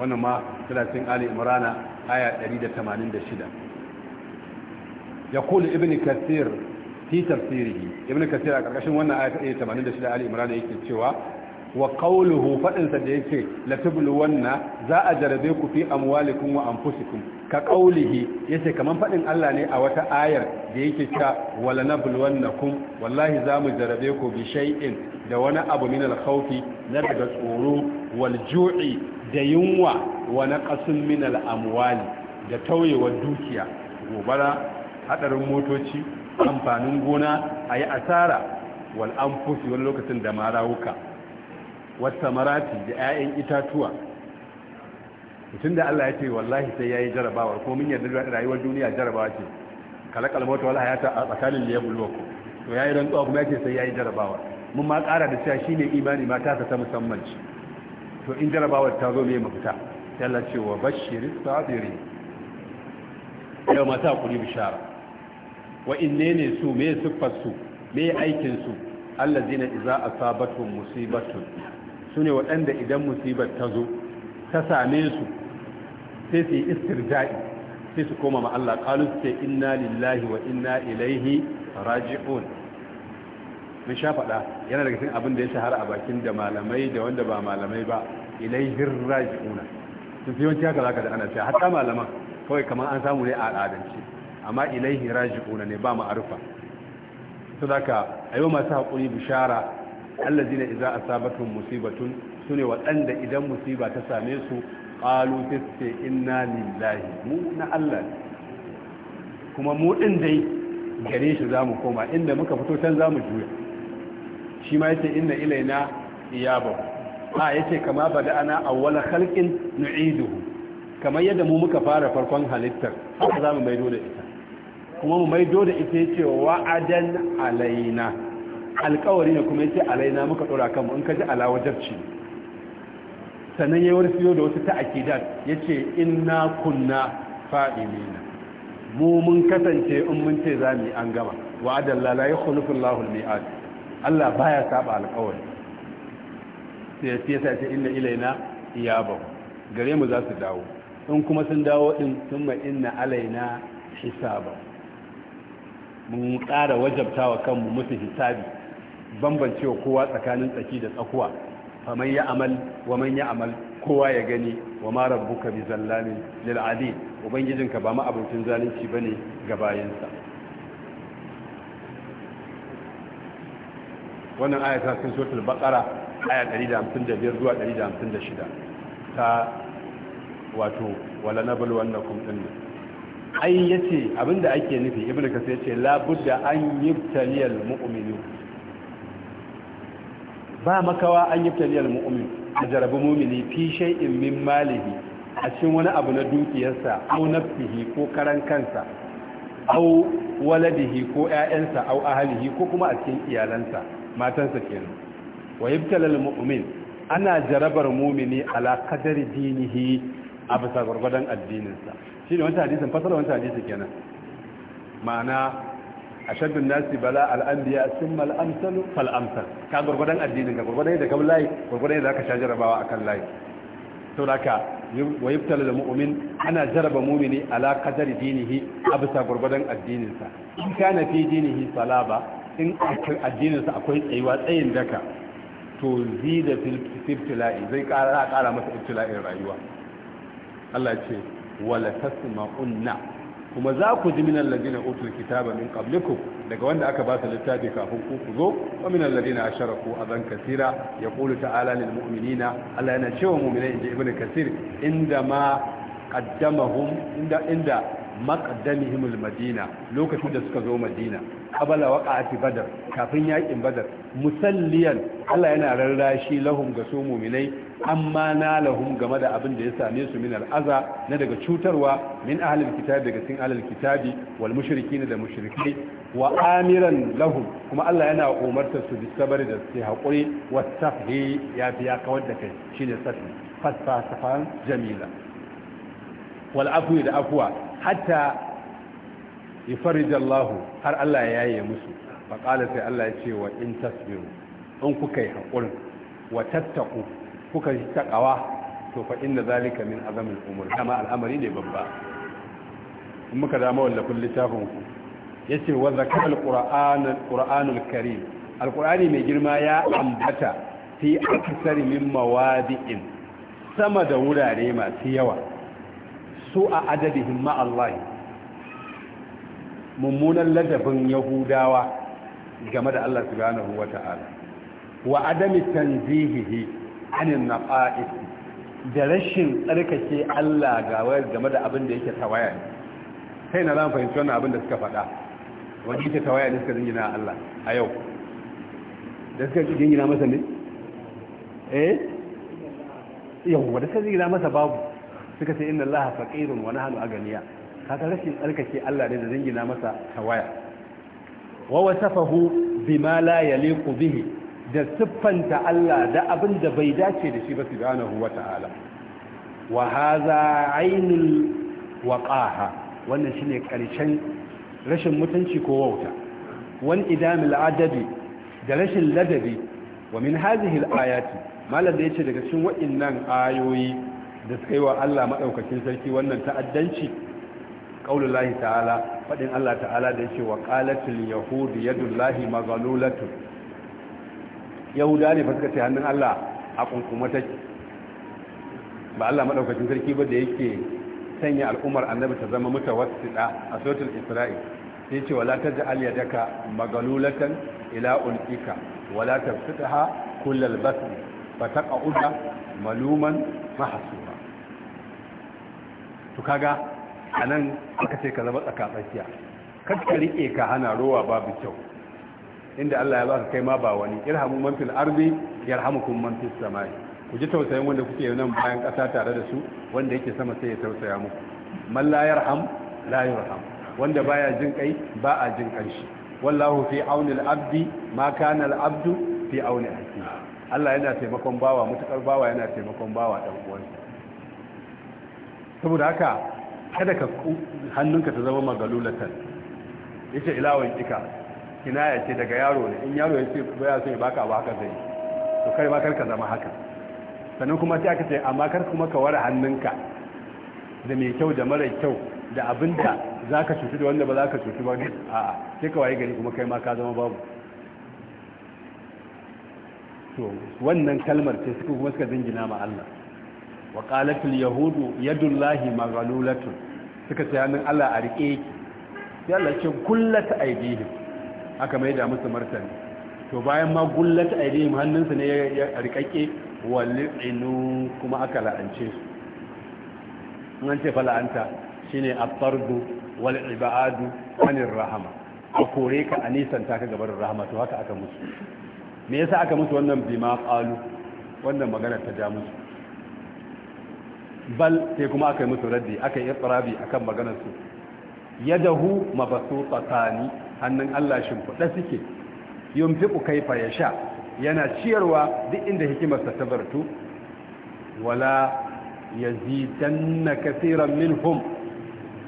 wannan ma 30 ali imrana aya 186 yaqul ibn kathir fi tafsirihi ibn kathir a karkashin wannan aya 186 ali imrana yake cewa wa faɗinsa da yake la tubluwanna za a jarabe ku fi amwalikum wa anfusikum ka qawlihi yace kaman faɗin Allah ne a wata ayar da yake cewa wala nabluwannakum wallahi za mu jarabe ku bi shay'in da wani abu min al-khawfi na daga tsoro wal ju'i da yunwa wa naqasun min al-amwali da tauyewar dukiya gobara hadarin motoci amfanin gona ayi asara wal anfusi wani lokacin da ma rawuka wata marati da 'ya'yan itatuwa mutum da Allah ya ce wallahi sai ya yi jarabawa ko min yadda rayuwar duniya jarabawa ce kalakal mota wala hayata a tsakanin da ya liya ku. to ya yi rantsuwa kuma ya ce sai ya yi jarabawa mun ma ƙara da cewa shi ne imani ma ta ta musamman ci to in jarabawar ta zo mai mafita Yalla ce wa bashirin sabiri yau ma ta kuri bishara wa inne ne su me siffar su me aikin su allazina idza asabatuhum musibatun su ne waɗanda idan musibar ta zo ta same su sai su yi istirja'i sai su koma ma Allah kalu su ce inna lillahi wa inna ilaihi raji'un mun sha faɗa yana daga cikin abin da ya shahara a bakin da malamai da wanda ba malamai ba ilaihir raji'una sun fi yawanci haka zaka da ana cewa hatta malaman kawai kamar an samu ne a al'adance amma ilaihi raji'una ne ba ma'arufa to zaka ayo masu haƙuri bishara allazina idza asabatuhum musibatun sune waɗanda idan musiba ta same su qalu tasfi inna lillahi mu na Allah kuma mu din dai gare shi zamu koma inda muka fito can zamu juya shi ma yace inna ilaina iyabu ha yace kama ana awwala khalqin nu'iduhu kamar yadda mu muka fara farkon halittar haka zamu maido da ita kuma mu maido da ita yace wa'adan alaina alkawari ne kuma yace alaina muka dora kanmu in kaji ala wajabci sannan yayin wani siyo da wasu akida yace inna kunna fa'ilina mu mun kasance in mun ce za yi an gama wa'adalla la yukhlifu Allahu al-mi'ad Allah baya saba alkawari sai sai sai ce inna ilaina iyabahu gare mu za su dawo in kuma sun dawo din thumma inna alaina hisaba mun ƙara wajabtawa kanmu musu hisabi bambancewa kowa tsakanin tsaki da tsakuwa man ya amal wa man ya amal kowa ya gani wa ma rabbuka bi zallamin lil adid ubangijinka ba ma abincin zalunci bane ga bayansa wannan aya ta cikin suratul baqara aya 155 zuwa 156 ta wato wala nabal wannakum din ai yace abinda ake nufi ibnu kasir yace la budda an yubtaliyal mu'minu ba makawa an yi taliyar mu'min a jarabi mumini fi shay'in min malihi a cikin wani abu na dukiyarsa au nafsihi ko karan kansa au waladihi ko ƴaƴansa au ahalihi ko kuma a cikin iyalansa matansa kenan wa yabtalal mu'min ana jarabar mumini ala qadari dinihi a bisa gurgurdan addininsa shine wannan hadisin fasara wannan hadisi kenan ma'ana ashaddun nasi bala al'anbiya sun al'amsal fal amsal ka gurgurdan addinin ka yadda kawai layi, gurgurdan yadda ka sha jarabawa akan layi to daka wa fitar da mu'umin? ana jaraba mu'mini ala qadari dinihi abisa gurgurdan addinin sa in kana fi dinihi salaba in addinin sa akwai tsayuwa tsayin daka to zi da ibtila'i zai kara kara masa ibtila'in rayuwa Allah ce wala tasma'unna kuma za ku ji minan ladina utul kitaba min qablikum daga wanda aka ba su littafi kafin ku ku zo wa minan a zan azan kasira Ya ta'ala lil mu'minina Allah yana cewa mu'minai inji ibnu kasir inda ma qaddamahum inda inda maqaddamihim al madina lokacin da suka zo madina qabala waqa'ati badar kafin yakin badar musalliyan Allah yana rarrashi lahum ga su mu'minai amma na lahum game da abin da ya same su min al'aza na daga cutarwa min ahalil kitabi daga cikin ahalil kitabi wal mushrikin da mushrikai wa amiran lahum kuma Allah yana umartar su bisabari da su haƙuri wa safhi ya fi ya kawar da kai shine safhi fasfasafan jamila wal afwi da afwa hatta ifarijallahu har Allah ya yaye musu faqala sai Allah ya ce wa in tasbiru in kuka yi haƙuri wa tattaqu kuka yi takawa to fa inna zalika min azamin umur dama al'amari ne babba in muka dama wallafin littafin ku yace wa zakar alquran karim mai girma ya ambata fi aksari min mawadi'in sama da wurare masu yawa su a adadihim ma mummunan ladabin yahudawa game da Allah subhanahu wata'ala wa adami tanzihihi na fa’i da rashin tsarkake Allah ga wayar game da abin da yake tawaya ne sai na zan fahimci wannan abin da suka faɗa wani yake tawaya ne suka zingina Allah a yau da suka zingina masa ne eh yau da suka zingina masa babu suka sai inda Allah wani hannu a aganiya kata rashin tsarkake Allah ne da zingina masa tawaya wa wasafahu bima la yaliku bihi da siffanta Allah da abin da bai dace da shi ba subhanahu wata'ala wa hadha ainul waqaha wannan shine karshen rashin mutunci ko wauta wan idamil adabi da rashin ladabi wa min hadhihi alayati malam da yace daga cikin waɗannan ayoyi da suka Allah madaukakin sarki wannan ta'addanci qaulullahi ta'ala fadin Allah ta'ala da yace wa qalatul yahud yadullahi magalulatu. yahuda ne fuska ce hannun Allah a kunkumata ba Allah maɗaukacin sarki ba da yake sanya al'ummar annabi ta zama Sida. a sautul isra'il sai ce wala ya daka magalulatan ila ulqika wala ha kullal ta ƙa'uda maluman mahasuwa to kaga nan aka ce ka zama tsaka tsakiya kar ka rike ka hana rowa babu kyau inda Allah ya ba ka kai ma ba wani irhamu man fil ardi yarhamukum man fis samai ku ji tausayin wanda kuke nan bayan ƙasa tare da su wanda yake sama sai ya tausaya muku man la yarham la yurham wanda baya jin kai ba a jin kai shi wallahu fi auni al-abdi ma kana al-abdu fi auni akhi Allah yana taimakon bawa mutakar bawa yana taimakon bawa dan uwansa saboda haka kada ka hannunka ta zama magalulatan yace ilawan ika kinaya ce daga yaro ne in yaro ya ce baya so ya baka abu haka zai to kai ma karka zama haka sannan kuma sai aka ce amma kar kuma ka ware hannunka da mai kyau da mara kyau da abin da za ka cutu da wanda ba za ka cutu ba a sai ka waye gari kuma kai ma ka zama babu to wannan kalmar ce suka kuma suka dingina ma Allah wa qalatul yahudu yadullahi maghlulatun suka ce hannun Allah a rike yake sai Allah ce kullata aidihim aka mai da musu martani to bayan ma gullata aidihim hannunsa ne ya rikakke wal'inu kuma aka la'ance su an ce fa la'anta shine at-tardu wal ibadu anir rahama a kore ka a ta ka gabar rahama to haka aka musu me yasa aka musu wannan bima qalu wannan magana ta ja musu bal sai kuma aka yi musu raddi aka yi itsirabi akan maganar su yadahu tsakani hannun Allah shimfiɗa suke yunfiqu kaifa yasha yana ciyarwa duk inda hikimarsa ta bartu wala yazidanna kaseeran minhum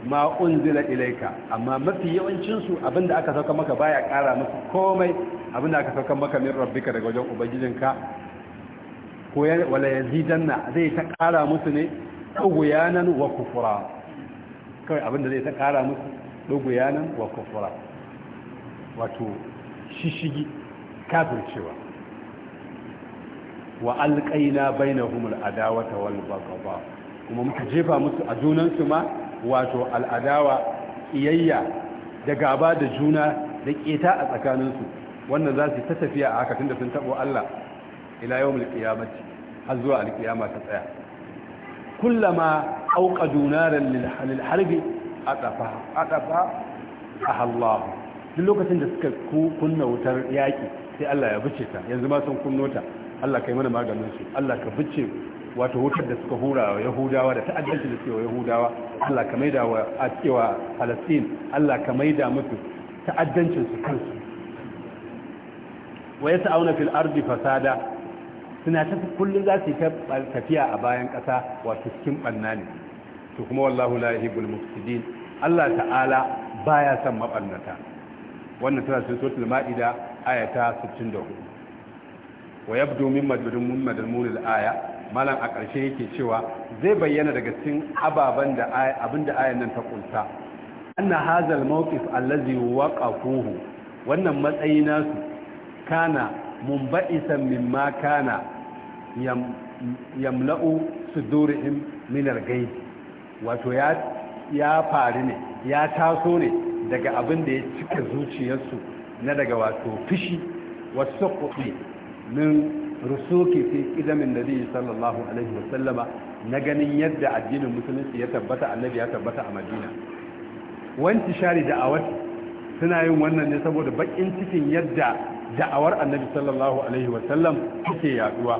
ma unzila ilaika. amma mafi yawancinsu abinda aka sauka maka baya ƙara musu komai abinda aka sauka maka min rabbika daga wajen ubangijinka ko wala yazidanna zai ta ƙara musu ne duguyanan wa kufura kawai abinda zai ta ƙara musu duguyanan wa kufura wato shishigi kafircewa wa alƙaina bainahum al'adawata wal baghdha kuma muka jefa musu a junansu ma wato al'adawa iyayya da gaba da juna da keta a tsakaninsu wannan za su ta tafiya a haka tunda sun tabo Allah ila yawmul qiyamati har zuwa alqiyama ta tsaya kullama auqadu naran lil harbi adafa adafa ahallahu duk lokacin da suka kunna wutar yaƙi sai Allah ya bice ta yanzu ma sun kunno ta Allah kai mana maganin su Allah ka bice wato wutar da suka hura wa Yahudawa da ta'addanci da suke wa Yahudawa Allah ka maida wa a cewa Palestine Allah ka maida musu ta'addancin su kansu wa yas'auna fil ardi fasada suna ta kullum za su tafiya a bayan ƙasa wato cikin ɓanna ne to kuma wallahu la yuhibbul mufsidin Allah ta'ala baya son maɓannata wannan tana cikin suratul ma'ida aya ta 64 wa yabdu min madrun min aya malam a ƙarshe yake cewa zai bayyana daga cikin ababen da abinda ayan nan ta ƙunsa. anna hazal mawqif allazi waqafuhu wannan matsayi nasu kana mumba'isan mimma kana yamla'u sudurihim min al-ghaib wato ya ya faru ne ya taso ne daga abin da ya cika zuciyarsu na daga wato fishi wasu kuɗi min rusuki fi idamin nabi sallallahu alaihi wasallama na ganin yadda addinin musulunci ya tabbata annabi ya tabbata a madina wanti shari da'awar suna yin wannan ne saboda bakin cikin yadda da'awar annabi sallallahu alaihi wasallam take yaduwa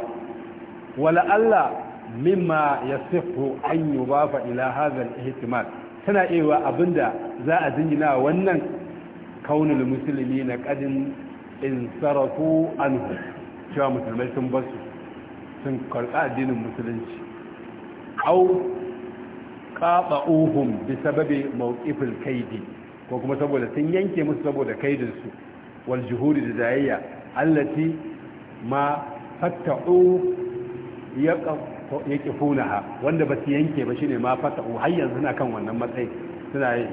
wala Allah mimma yasihu an yubafa ila hadha al-ihtimal tana iya abinda za a jingina wannan kaunul musulmi na kadin in sarrafu anhu cewa musulmai sun basu sun karɓi addinin musulunci au kaɓa uhun bi sababi mawqifil kaidi ko kuma saboda sun yanke musu saboda kaidin su wal juhudi da jayayya allati ma fatta'u ya yake funaha wanda ba su yanke ba shine ma fata har yanzu suna kan wannan matsayi suna yi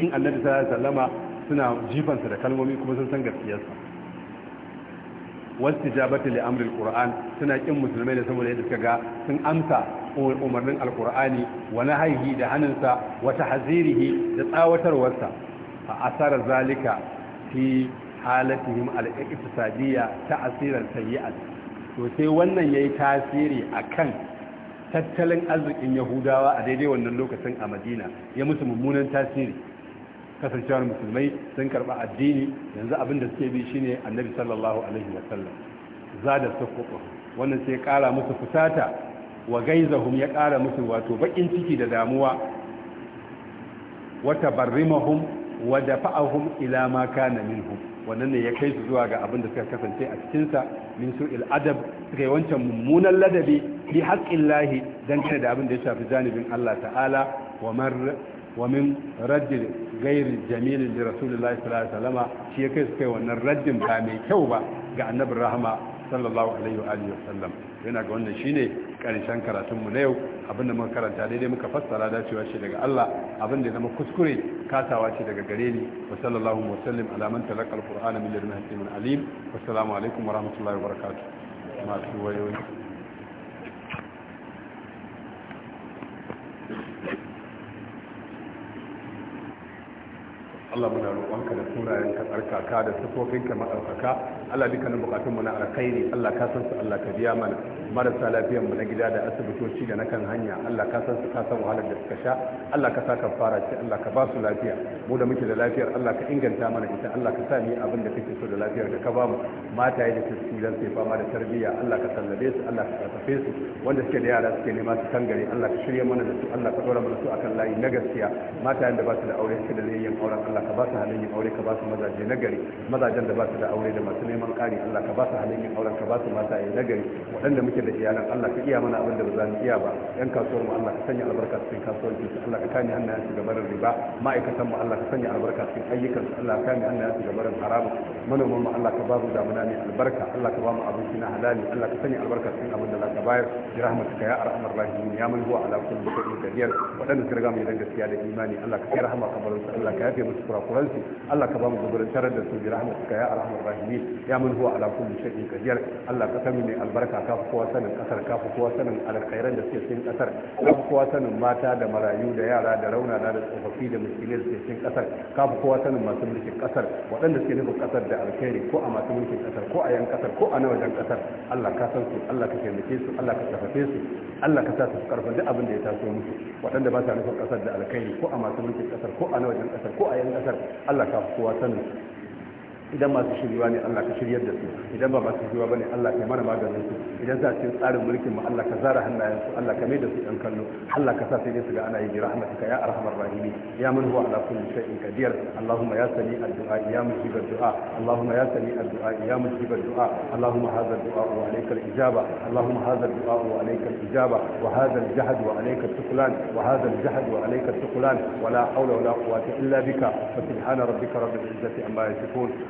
in annabi sallallahu alaihi wasallama suna jifansa da kalmomi kuma sun san gaskiyarsa wasu jabata li amril qur'an suna kin musulmai da saboda yadda suka ga sun amsa umarnin alqur'ani wa haihi da haninsa wata tahzirihi da tsawatarwarsa a asarar zalika fi halatihim al-iqtisadiyya asirar sayyi'at to sai wannan yayi tasiri akan tattalin arzikin yahudawa a daidai wannan lokacin a madina ya musu mummunan tasiri kasancewar musulmai sun karba addini yanzu abin da suke bi shine annabi sallallahu alaihi wasallam zada sukuku wannan sai kara musu fusata wa gaizahum ya kara musu wato bakin ciki da damuwa wa tabarrimahum wa dafa'ahum ila ma kana minhum wannan ne ya kai su zuwa ga abin da suka kasance a cikinsa min su'il adab suka yi wancan mummunan ladabi bi haƙƙin lahi kana da abin da ya shafi janibin Allah ta'ala wa min raddin gairi jamilin da rasulullahi sallallahu alaihi wasallama shi ya kai su kai wannan raddin ba mai kyau ba ga annabin rahama sallallahu alaihi wa sallam yana ga wannan shine karshen karatunmu na yau abinda muka karanta daidai muka fassara dacewa shi daga Allah abinda zama kuskure kasawa ce daga gare ni wa sallallahu wa sallim ala man talaqa alqur'ana min ladun hakimin alim wa assalamu alaikum wa rahmatullahi wa barakatuh ma Allah muna roƙonka da sunayen ka tsarkaka da sifofin ka maɗaukaka Allah dukkanin mu na alkhairi Allah ka san su Allah ka biya mana marasa lafiyar mu na gida da asibitoci da na kan hanya Allah ka san su ka san wahalar da suka sha Allah ka sa ka fara ce Allah ka ba su lafiya mu da muke da lafiyar Allah ka inganta mana ita Allah ka sa ni abin da kake so da lafiyar da ka ba mu mataye da su dan sai fama da tarbiyya Allah ka sallabe su Allah ka karfafe su wanda suke da yara suke nema su kangare, Allah ka shirye mana da su Allah ka dora mana su akan layi na gaskiya matayen da ba su da aure suke da yin auren Allah ka ba su halin yin aure ka ba su mazaje na gari mazajen da ba su da aure da masu neman ƙari Allah ka ba su halin yin auren ka ba su mata na gari waɗanda muke da iyalan Allah ka iya mana abin da ba za mu iya ba ɗan kasuwar mu Allah ka sanya albarka cikin kasuwancin su Allah ka kame hannayen su barin riba ma'aikatan mu Allah ka sanya albarka cikin ayyukan su Allah ka kame hannayen su gabarin haramu manoman mu Allah ka ba mu damuna ne albarka Allah ka ba mu abinci na halali Allah ka sanya albarka cikin abin da za ka bayar bi rahmatuka ya arhamar rahimin ya man huwa ala kulli shay'in qadir waɗanda suka riga mu da gaskiya da imani Allah ka kai rahama kamar Allah ka yafe musu kuransu Allah ka ba mu gudurin tarar da su bi rahmatuka ya arhamar rahimin ya mun huwa ala kulli shay'in qadir Allah ka sami mai albarka ka fi kowa sanin kasar ka fi kowa sanin alkhairan da suke cikin kasar ka fi kowa sanin mata da marayu da yara da rauna da tsofaffi da miskinai da suke cikin kasar ka fi kowa sanin masu mulkin kasar waɗanda suke nufin kasar da alkhairi ko a masu mulkin kasar ko a yan kasar ko a na wajen kasar Allah ka san su Allah ka taimake su Allah ka tafafe su Allah ka sa su karfin duk abin da ya taso musu waɗanda ba sa nufin ƙasar da alkhairi ko a masu mulkin ƙasar ko a nawajin ƙasar ko a yan ƙasar Allah ka kowa sanin idan masu shiriwa ne Allah ka shiryar da su idan ba masu shiriwa ne Allah ka mana maganin su idan za su tsarin mulkin mu Allah ka zara hannayen su Allah ka mai da su ɗan kallo Allah ka sa sai su ga ana yi bi rahmatika ya arhamar rahimi ya man huwa ala kulli shay'in qadir Allahumma ya sami addu'a ya mujib addu'a Allahumma ya sami addu'a ya mujib addu'a Allahumma hadha du'a wa alayka al-ijaba Allahumma hadha du'a wa alayka al-ijaba wa hadha al-jahd wa alayka al-tuqlan wa hadha al-jahd wa alayka al-tuqlan wa la hawla wa la quwwata illa bika fa subhana rabbika rabbil izzati amma yasifun